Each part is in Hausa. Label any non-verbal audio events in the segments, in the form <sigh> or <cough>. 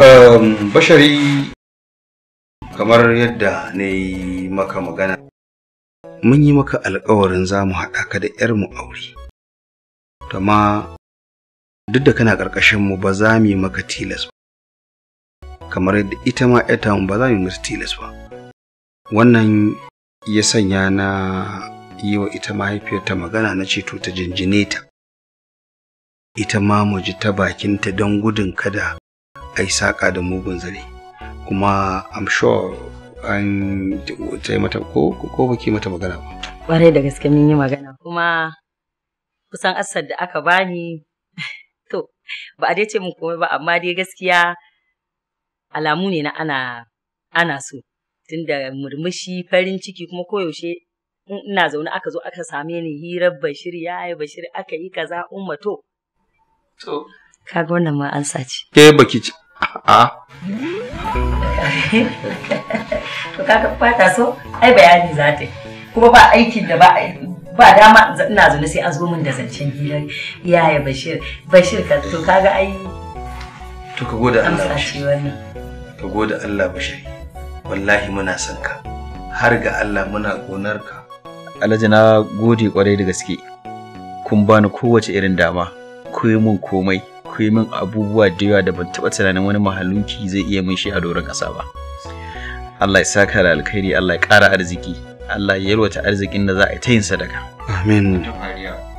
Ehm, bashari kamar yadda na yi maka magana mun yi maka alkawarin za mu haɗa ka da 'yarmu aure amma duk da kana ƙarƙashinmu ba za mu yi maka tilas ba kamar yadda ita ma mu ba za mu yi maka tilas ba wannan ya sanya na yi wa ita mahaifiyarta magana na ceto ta jinjine ta ita ma mu ji ta bakinta don gudun kada aka yi saƙa da mugun zane kuma i'm sure an ta mata ko ko baki mata magana ba ƙwarai da gaske mun yi magana kuma kusan asar da aka bani <laughs> to ba a dai ce mun komai ba amma dai gaskiya alamu ne na ana ana so tunda murmushi farin ciki kuma koyaushe ina zaune aka zo aka same ni hirar bashir ya yi bashir aka yi kaza umma to. To. Kaga wannan ma an sace. Ke baki a to kaga ba ta so ai bayani za ta kuma ba aikin da ba ba dama ina zaune sai an zo min da zancen gida yaya bashir bashir ka to kaga ai to ka gode Allah bashir ka gode Allah bashir wallahi muna son ka har ga Allah muna gonar ka Alhaji na gode kwarai da gaske kun bani kowace irin dama ku yi mun komai akwai min abubuwa da yawa da ban taɓa tunanin wani mahalunki zai iya min shi a doron ƙasa ba Allah ya saka da alkhairi Allah ya ƙara arziki Allah ya yalwata arzikin da za a ta yin sadaka amin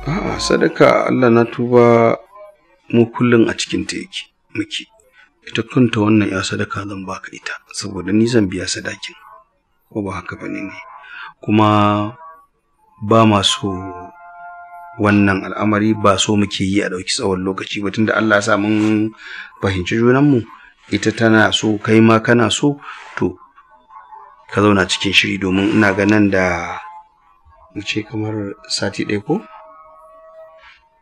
a sadaka Allah na tuba mu kullum a cikin ta yake miki ita kanta wannan ya sadaka zan baka ita saboda ni zan biya sadakin ko ba haka bane ne kuma ba masu wannan al'amari ba so muke yi a ɗauki tsawon lokaci ba tunda Allah ya sa mun fahimci junanmu ita tana so kai ma kana so to ka zauna cikin shiri domin ina ganin da ce kamar sati ɗaya ko?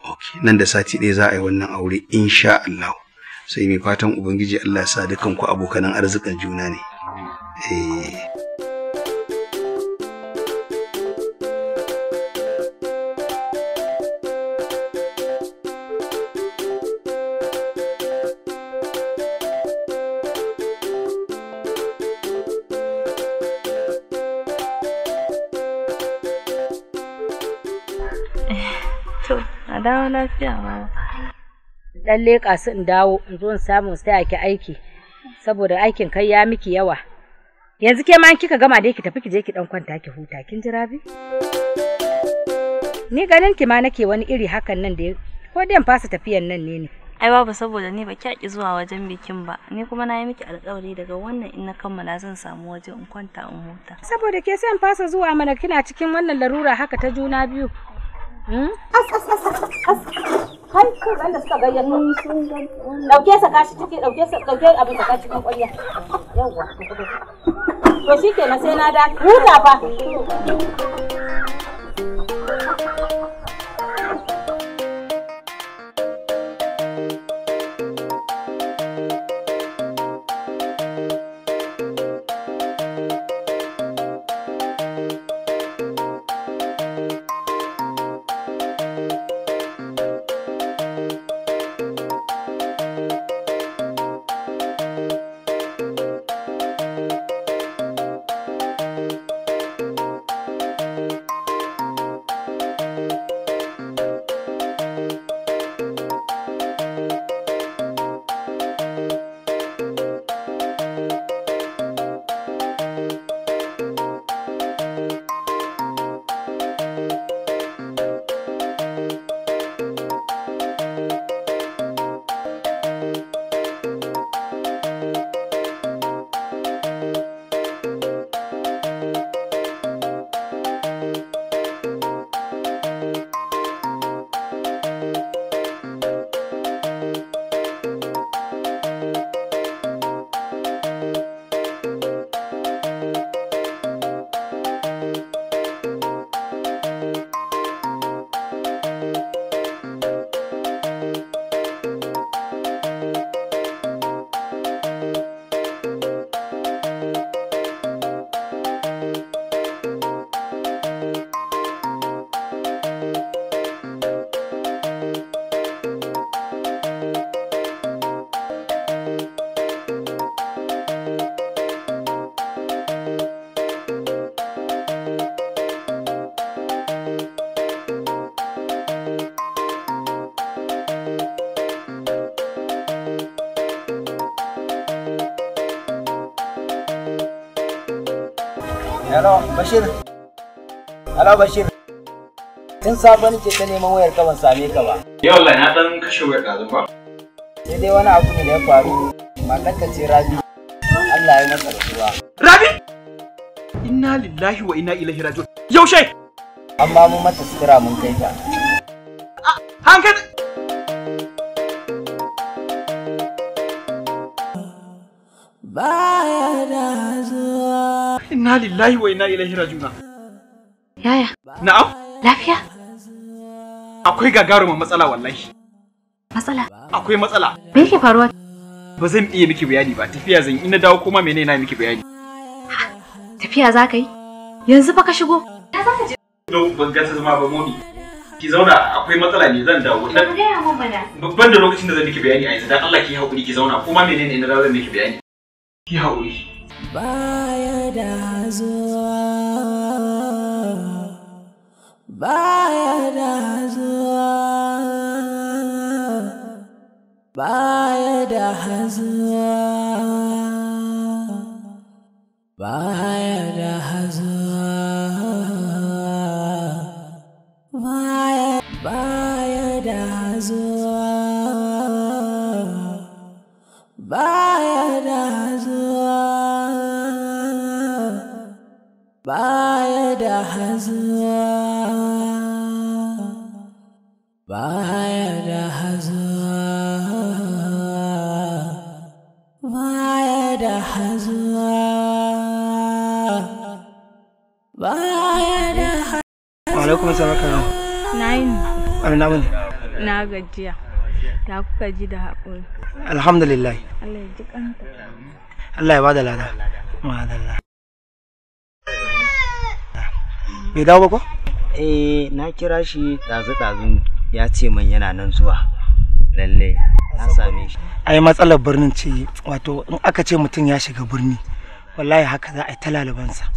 ok nan da sati ɗaya za a yi wannan aure insha Allah sai mai fatan ubangiji Allah ya sa dukanku abokanan arzikin juna ne eh dawo lafiya dan leƙa su in dawo in zo in samu sai ki aiki saboda aikin kai ya miki yawa yanzu ke ma kika gama dai ki tafi ki je ki dan kwanta ki huta kin jira bi ni ganin ki ma nake wani iri hakan nan da ko dai fasa tafiyan nan ne ne ai babu saboda ni ba ki zuwa wajen bikin ba ni kuma nayi miki alƙawari daga wannan in na kammala zan samu waje in kwanta in huta saboda ke sai fasa zuwa mana kina cikin wannan larura haka ta juna biyu Kai kai wanda suka gayyato. Dauke sa kashi ciki dauke sa dauke abin da kashi kan kwanya. Yawwa. To na sai na da huta fa. Bashir. Alo Bashir. Tun safe ce ta neman wayar ka ban same ka ba. Ya wallahi na dan kashe wayar ɗazu ba. Sai dai wani abu ne da ya faru. ka ce Rabi. Allah ya masa rasuwa. Rabi! Inna lillahi wa inna ilaihi raji'un. Yaushe? Amma mun mata sutura mun kai ta. Hankali! Bye. Inna lillahi wa inna ilaihi rajiuna. Yaya? Na'am? Lafiya? Akwai gagaruma matsala wallahi. Matsala? Akwai matsala. Me yake faruwa? Ba zan iya miki bayani ba, tafiya zan ina dawo kuma menene na miki bayani. Tafiya za ka yi? Yanzu fa ka shigo. Ya za ka je? ban gasa zama ba momi. Ki zauna akwai matsala ne zan dawo. ga ya mun bana. Babban da lokacin da zan miki bayani a yanzu dan Allah ki haƙuri ki zauna kuma menene ina dawo zan miki bayani. Ki haƙuri. baya da zuwa baya da zuwa baya da zuwa baya Amina bane. Na gajiya. Ya kuka ji da haƙuri. Alhamdulillah. Allah ya ji kanta. Allah ya bada lada. Madalla. Bai dawo ba ko? Eh, na kira shi ɗazu-ɗazun ya ce min yana nan zuwa. Lalle, na same shi. Ai matsalar birnin ce wato in aka ce mutum ya shiga birni wallahi haka za a yi ta lalabansa.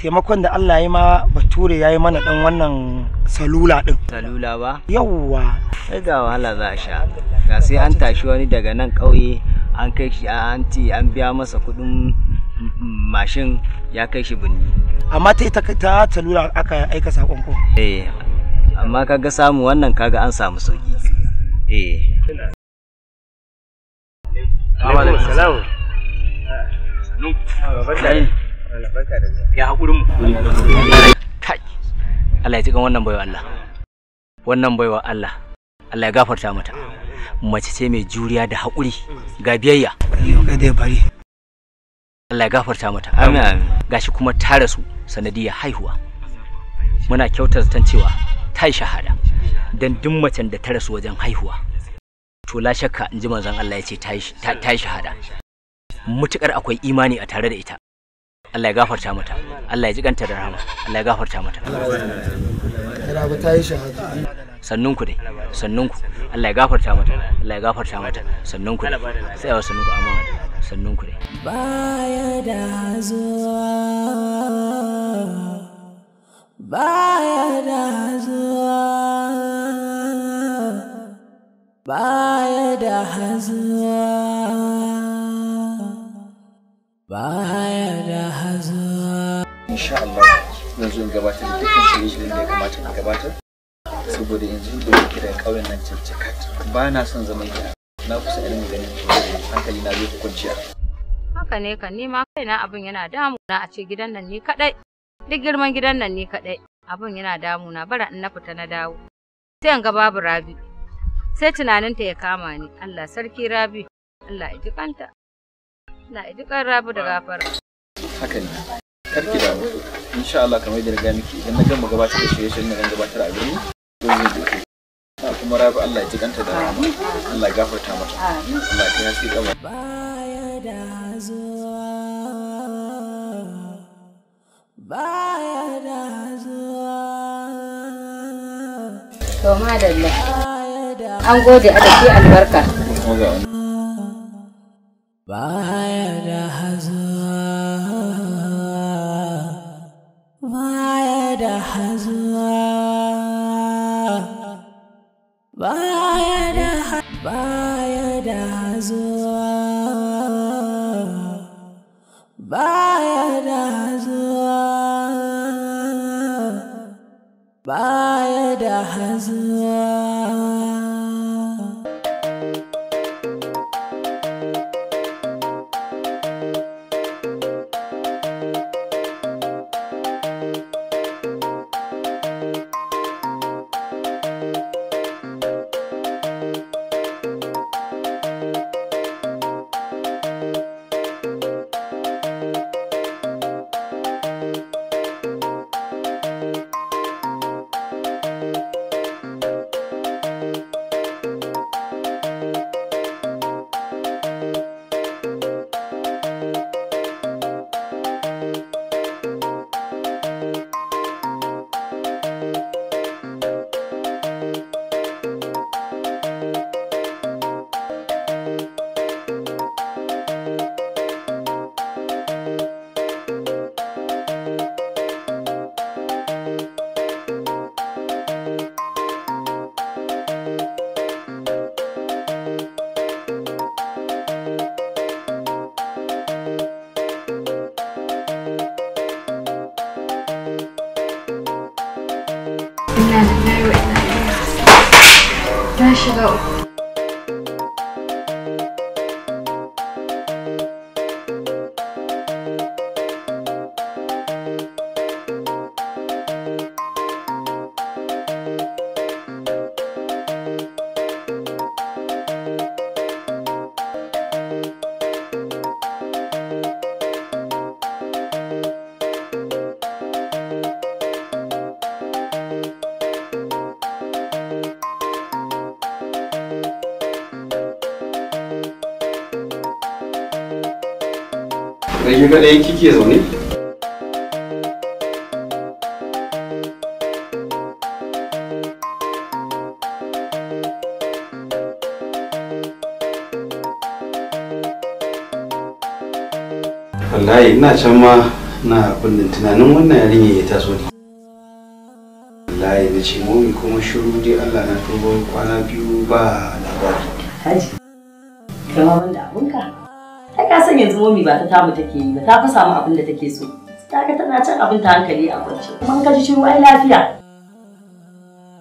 taimakon da Allah ya ma bature ya yi mana dan wannan salula din salula ba yawwa sai ga wahala za a sha ga sai an tashi wani daga nan ƙauye an kai shi an ti an biya masa kuɗin mashin ya kai shi binni amma ta ta salula aka aika sakon ko eh amma kaga samu wannan kaga an samu sauki eh alaikum. ya haƙurin Allah ya cikin wannan baiwa Allah wannan baiwa Allah Allah ya gafarta mata mace ce mai juriya da haƙuri ga biyayya Allah ya gafarta mata amin gashi kuma ta rasu sanadiyar haihuwa muna kyautar zaton cewa ta yi shahada don duk macen da ta rasu wajen haihuwa to la shakka in ji manzon Allah ya ce ta yi shahada mutukar akwai imani a tare da ita Allah ya gafarta mata Allah ya ji kanta da rahama Allah ya gafarta mata sannun ku dai sannun ku Allah ya gafarta mata Allah ya gafarta mata sannun ku sai wa sannun ku amma sannun ku dai baya da zuwa baya da zuwa baya da zuwa baya da hazo insha Allah zan zo gabatar da dukkan shirye-shiryen da ya kamata in gabatar saboda yanzu da yake da kauyen nan cancakat ba na son zaman gida na kusa irin ganin hankali na zai fi kwanciya haka ne kan nima kaina abin yana damuna a ce gidan nan ni kaɗai. duk girman gidan nan ni kaɗai, abin yana damuna bara in na fita na dawo sai in ga babu rabi sai tunaninta ya kama ni Allah sarki rabi Allah ya ji kanta rabu da gafara. Haka ne. Karki da mu. Insha Allah kamar yadda na idan na gama gabatar da shirye-shiryen na gabatar a birni kuma rabu Allah ya ji da rahama. Allah ya gafarta mata. Allah ya kai kamar. Baya da zuwa. Baya da zuwa. To madalla. An gode a da albarka. baya da hazo baya da hazo baya da baya da hazo baya da hazo baya da hazuwa. 知道。da kin ga ɗaya kike zaune wallahi ina can ma na kullum tunanin wannan yarinya ya taso ne wallahi na ce mami kuma shiru dai Allah na tuba kwana biyu ba labari haji kama wanda abunka san yanzu momi ba ta tamu take yi ba ta fi samu abin da take so ta tana cin abin ta hankali a kwance kuma ka ji shiru ai lafiya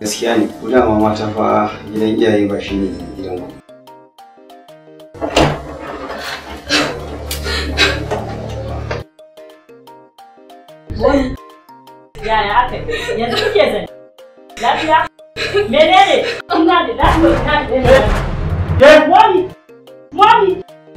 gaskiya ne ko da mama ta fa gidan iyaye ba shi ne gidan ku Yaya aka yanzu kuke zan lafiya menene ina da lafiya ina Mami! Eh? Mami!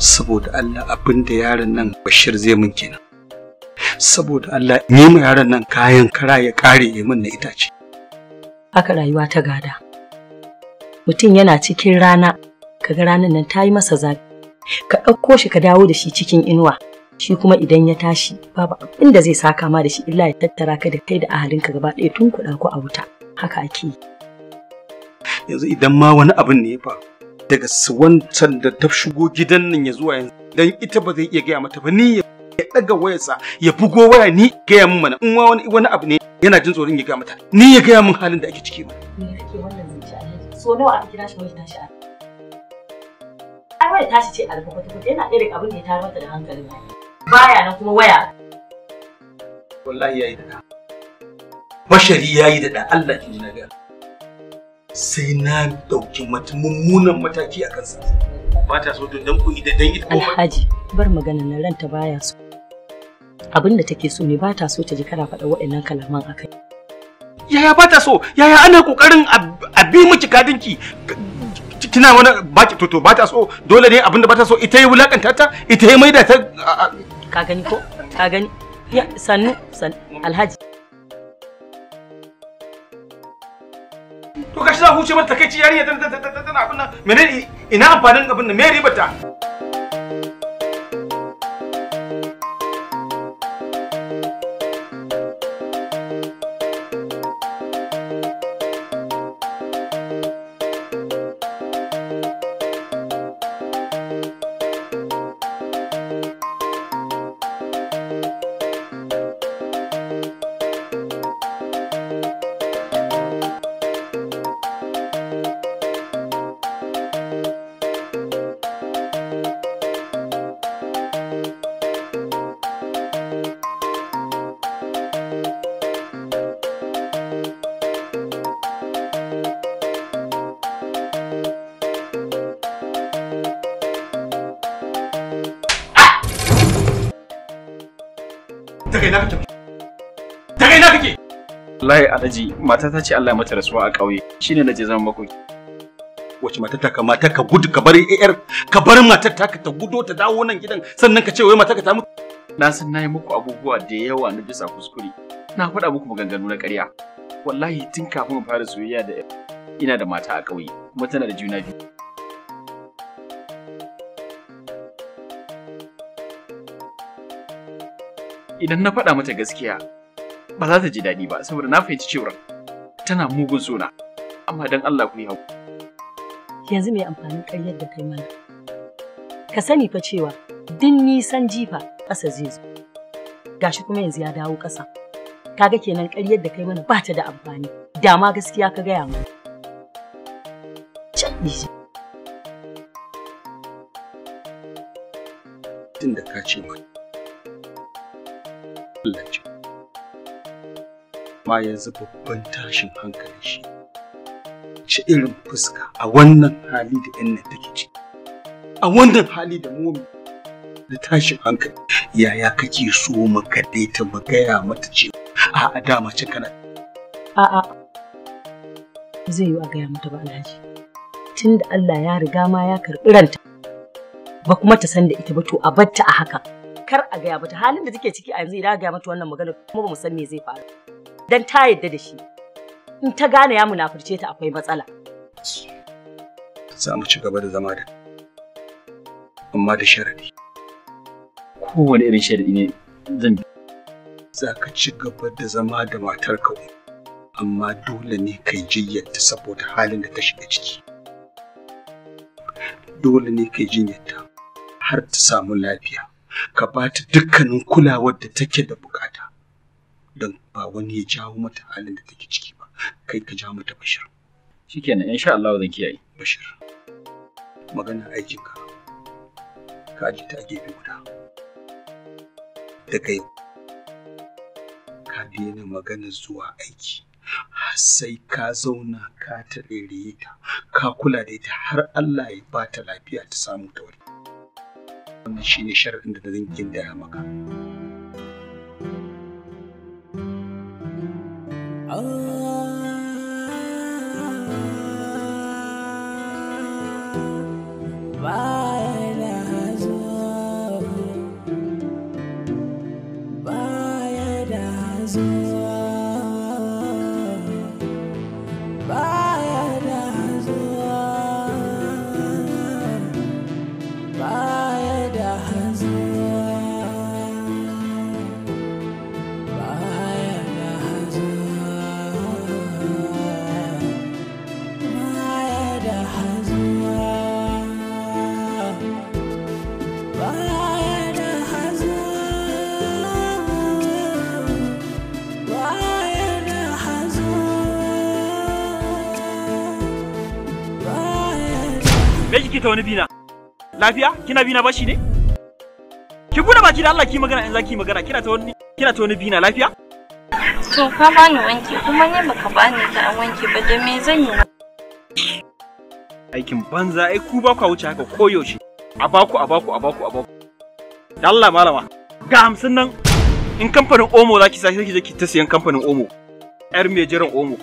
saboda Allah abin yaron nan Bashir zai min kenan saboda Allah ni ma yaron nan kayan kara ya kare ya min na itace haka rayuwa ta gada mutum yana cikin rana kaga ranan nan ta yi masa zafi ka ɗauko shi ka dawo da shi cikin inuwa shi kuma idan ya tashi babu abin da zai saka ma da shi illa ya tattara ka da kai da ahalinka gaba ɗaya tun ku ku a wuta haka ake yanzu idan ma wani abin ne ya faru daga wancan da ta shigo gidan nan ya zuwa yanzu dan ita ba zai iya gaya mata ba ni ya daga wayarsa ya bugo waya ni gaya min mana in wani wani abu ne yana jin tsoron ya gaya mata ni ya gaya min halin da ake ciki ba ni kake wannan zuciya so nawa aka kira shi wai tashi ai wai tashi ce alfa kwata kwata yana ɗaya abin da ya tarar mata da hankalin baya nan kuma waya wallahi yayi da bashari yayi da Allah ki ji na ga sai na ɗauki mata mummunan mataki a kansa. Ba ta so don ku idan dan ita Alhaji bar magana na ranta baya so. Abin da take so ne ba ta so ta ji kana faɗa waɗannan kalaman akai. Yaya ba ta so? Yaya ana kokarin a bi miki kadinki? Kina wani baki toto ba ta so dole ne abin da ba ta so ita yi wulakanta ta ita yi maida ta. Ka gani ko? Ka gani? Ya sannu sannu Alhaji. to gashi za huce mata takeici yarinya tana abin nan menene ina amfanin abin nan me ribar ta aji mata ta ce Allah mata rasuwa a ƙauye shine naje zama makoki wace mata ta kamata ka gudu ka bar yar ka bar matar ta ta gudo ta dawo nan gidan sannan ka ce wai mata ka ta mutu na san nayi muku abubuwa da yawa na bisa kuskure na faɗa muku maganganu na ƙarya wallahi tun kafin mu fara soyayya da ina da mata a ƙauye kuma tana da juna biyu idan na faɗa mata gaskiya ba za ta ji daɗi ba saboda na fahimci cewa tana mugun suna amma dan Allah ku yi haku yanzu mai amfanin ƙaryar da kai mana ka sani fa cewa duk nisan jifa ƙasa zai zo gashi kuma yanzu ya dawo ƙasa kaga kenan ƙaryar da kai mana ba ta da amfani dama gaskiya ka gaya mana tun da ka ce mai Allah ce amma yanzu babban tashin hankali shi ci irin fuska a wannan hali da yan nan take ci a wannan hali da momi da tashin hankali yaya kake so mu ta mu gaya mata ce a'a dama mace kana a'a zai yi a gaya mata ba alhaji tunda Allah ya riga ma ya karɓi ranta ba kuma ta san da ita ba to a batta a haka kar a gaya mata halin da take ciki a yanzu idan a gaya mata wannan maganar kuma ba mu san me zai faru don ta yadda da shi in ta gane ya munafurce ta akwai matsala za mu ci gaba da zama da amma da sharadi kowane irin sharadi ne zan bi za ka ci gaba da zama da matar ka amma dole ne ka yi jiyyarta saboda halin da ta shiga ciki dole ne ka yi har ta samu lafiya ka ba ta dukkanin kulawar da take da bukata ba wani ya jawo mata halin da take ciki ba kai ka ja mata bashir shikenan insha Allah zan kiyaye bashir magana aikinka ka ji ta gefe guda daga yau. ka daina magana zuwa aiki sai ka zauna ka tarere ta ka kula da ita har Allah ya ba ta lafiya ta samu ta wani wannan shine sharaɗin da zan gindaya maka wow. Oh. kika wani bina? Lafiya? Kina bina bashi ne? Ki bude baki da Allah ki magana in zaki magana kina ta wani kina ta wani bina lafiya? To ka bani wanki kuma ne baka bani ta an wanki ba da me zan yi? Aikin banza ai ku ba ku wuce haka koyaushe. A baku a baku a baku a baku. Da Allah malama ga hamsin nan in kamfanin Omo za ki sa ki je ki ta siyan kamfanin Omo. 'Yar mai jiran Omo.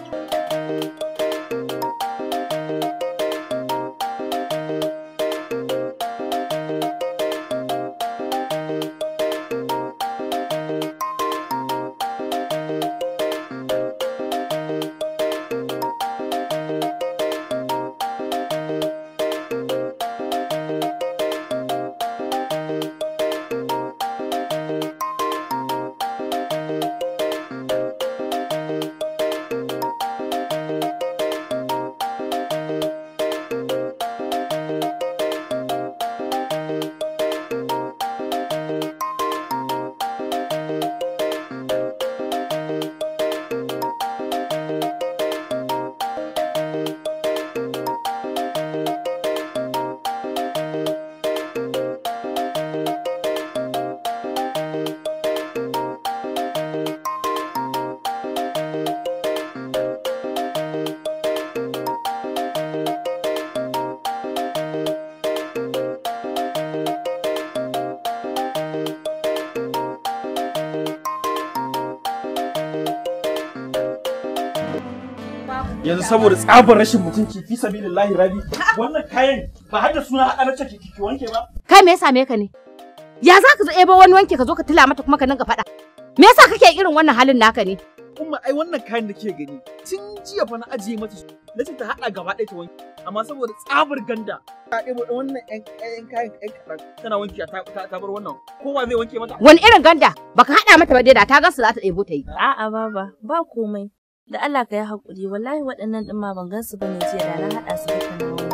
yanzu saboda tsabar rashin mutunci fi sabilillahi rabi wannan kayan ba hada suna haɗa na ciki kiki wanke ba kai me ya same ka ne ya za ka zo ebo wani wanke ka zo ka tila mata kuma ka dinga faɗa me yasa kake irin wannan halin naka ne umma ai wannan kayan da ke gani tun jiya fa na ajiye mata na ta haɗa gaba ɗaya ta wanke amma saboda tsabar ganda ta ɗebo wannan ƴan kayan ƴan karatu. tana wanke ta bar wannan kowa zai wanke mata wani irin ganda baka haɗa mata ba dai da ta su za ta ɗebo ta yi a'a baba ba komai da Allah ka yi haƙuri wallahi waɗannan ɗin ma ban gan su ba ne jiya da na haɗa su da kuma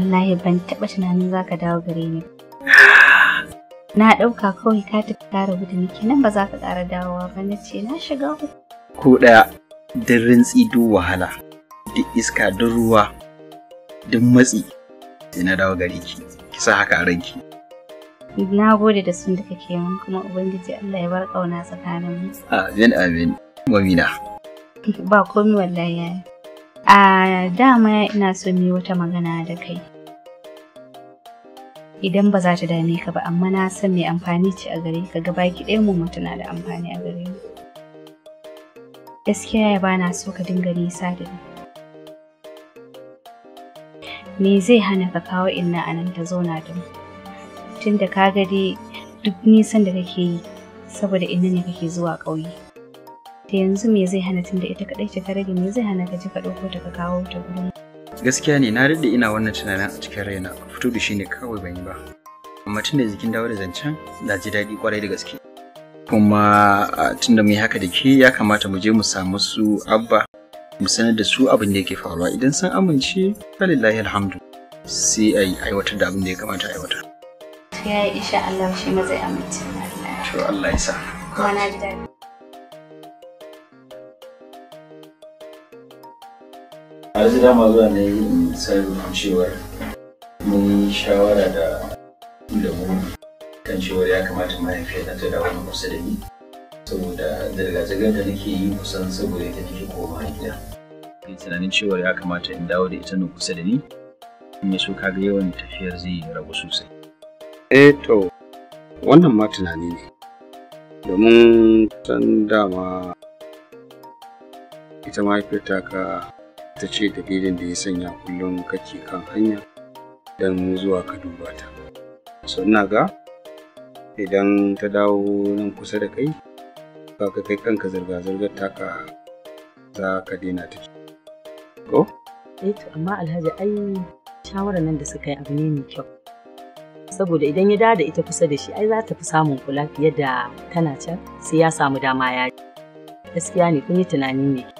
wallahi ban taɓa tunanin za ka dawo gare ni. Na ɗauka kawai ka tafi ƙara da nake nan ba za ka ƙara dawowa ba na ce na shiga uku. Ko ɗaya duk rintsi duk wahala, duk iska duk ruwa, duk matsi sai na dawo gare ki, ki sa haka a ranki. Na gode da sun da kake min kuma Ubangiji Allah ya bar ƙauna tsakanin mu. Amin amin. Mamina. <laughs> Ba komi wallahi yayi. A dama ina son yi wata magana da kai. Idan ba za ta dame ka ba, amma na san mai amfani ce a gare ka gaba ki ɗaya mu tana da amfani a gare mu. Gaskiya ya bana so ka dinga nisa da ni. Me zai hana ka kawo inna nan ta zauna da mu? Tunda ka gade duk nisan da kake yi saboda inna ne kake zuwa ƙauye. ta yanzu me zai hana tunda ita kadai ce ta rage me zai hana ka je ka dauko ta ka kawo ta gurin gaskiya ne na daɗe ina wannan tunanin a cikin raina fito da shi ne kawai ban yi ba amma tunda jikin dawo da zancen na ji daɗi kwarai da gaske kuma tunda mu yi haka da ke ya kamata mu je mu samu su abba mu sanar da su abin da yake faruwa idan sun amince falillahi alhamdu sai a yi aiwatar da abin da ya kamata a aiwatar. Ya yi isha Allah shi ma zai amince. To Allah ya sa. Kuma na ji daɗi. har yanzu dama zuwa na yi in san cewar mun yi shawara da da mu kan cewar ya kamata mahaifiyata ta dawo na kusa da ni saboda daga zirgar da nake yi kusan saboda ita nake koma gida. tunanin cewar ya kamata in dawo da ita na kusa da ni in ya so kaga yawan tafiyar zai ragu sosai. Eh to wannan ma tunani ne domin san dama ita mahaifiyar ta ka ta ce dalilin da ya sanya kullum kake kan hanya don zuwa ka duba ta so ina ga idan ta dawo nan kusa da kai ka kai kanka zirga-zirgar taka za ka daina ta ko? eh to amma alhaji ai shawarar nan da suka yi abu ne mai kyau saboda idan ya dawo da ita kusa da shi ai za ta fi samun kula fiye da tana can sai ya samu dama ya gaskiya ne kun yi tunani ne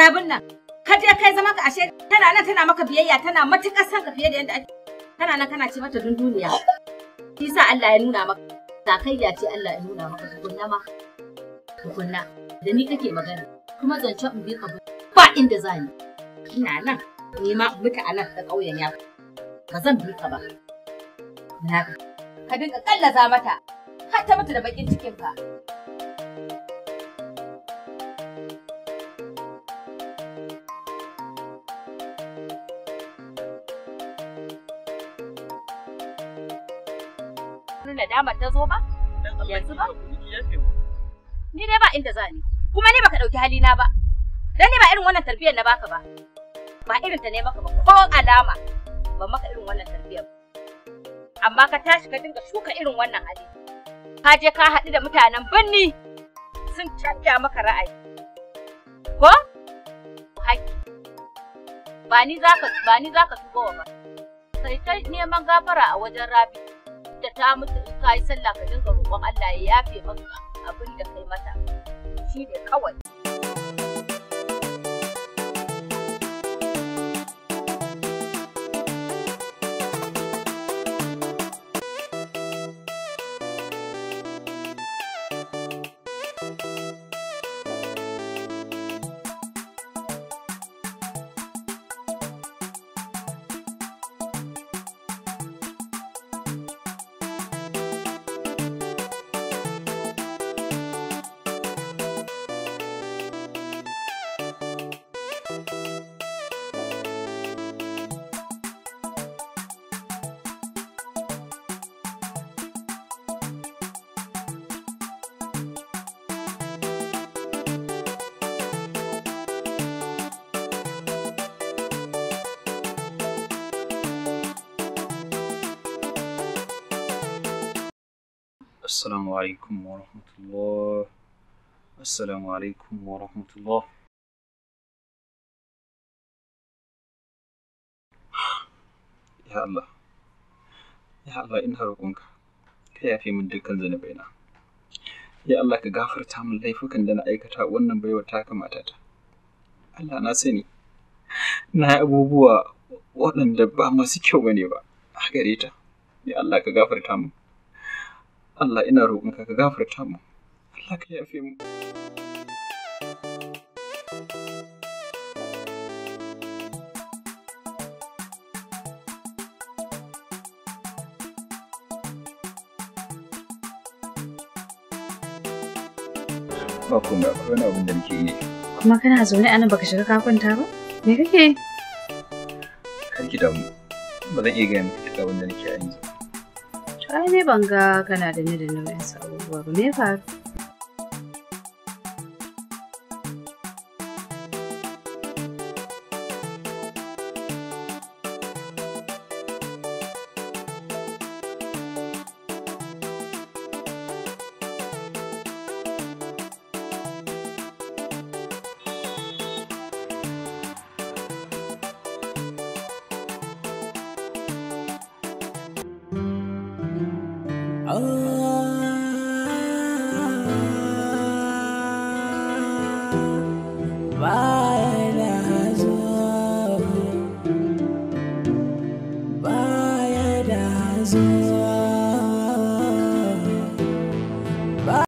marabin nan ka je kai zama ka ashe tana nan tana maka biyayya tana matukar son ka fiye da yadda ake tana nan kana ce mata dunduniya shi sa Allah ya nuna maka sakayya ce Allah ya nuna maka tukunna ma tukunna da ni kake magana kuma zance in bi ka ba inda za ni ina nan ni ma muta anan da kauyen ƙauyen ya ba zan bi ka ba na ka dinga kallaza mata har ta mutu da bakin cikin ka kiyamar ta zo ba? Yanzu ba? Ni dai ba inda za ni. Kuma ni baka ɗauki halina ba. Dan ni ba irin wannan tarbiyyar na baka ba. Ba irin ta ne maka ba ko alama. Ba maka irin wannan tarbiyyar ba. Amma ka tashi ka dinga shuka irin wannan hali. Ka je ka haɗu da mutanen birni sun canja maka ra'ayi. Ko? Haƙƙi. Ba ni za ka ba ni za ka tuba ba. Sai ta neman gafara a wajen Rabi da ta mutu ka yi sallah ka dinga roƙon Allah ya yafe maka abin da kai mata shi ne kawai السلام عليكم ورحمة الله السلام عليكم ورحمة الله ya Allah ya Allah ina roƙonka ka yafe min dukkan zanubaina ya Allah ka gafarta min laifukan da na aikata wannan baiwa ta kamata Allah na sani na yi abubuwa waɗanda ba masu kyau bane ba a gare ta ya Allah ka gafarta min Allah ina roƙonka ka gafarta mu Allah ka yafe mu ba ku akwai wani abin da nake yi kuma kana zaune a nan baka shiga kakunta ba me kake kar ki damu ba zan iya gaya miki duk abin da nake a yanzu Ai ne ban ga kana da ni da nauyin abubuwa ba me faru?